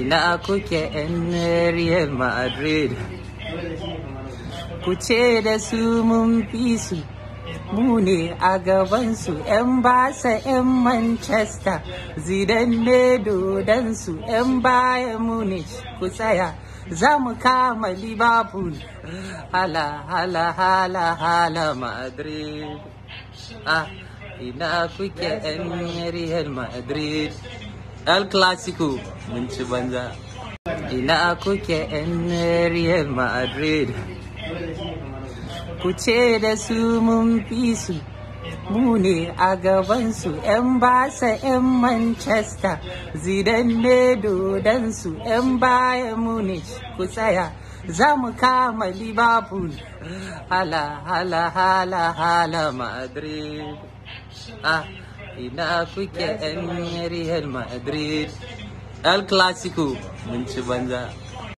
Ina kuke ‘yan Real Madrid? Ku ce da su mun fi su, mu ne a gabansu ‘yan basa ‘yan Manchester, zidan ne dodansu ‘yan baya Munich ku tsaya. Za mu kama Liverpool, hala hala hala hala Madrid. Ah, ina kuke ‘yan Real Madrid? El Clásico, mun ci banza. Ina kuke ‘yan Real Madrid? Ku ce da su mun fi su, mu ne a gabansu ‘yan basa ‘yan Manchester, zidan ne dodansu ‘yan baya Munich ku tsaya. za mu kama liverpool hala hala hala hala madrid ah ina kuke yan real madrid el clasico mun ci banza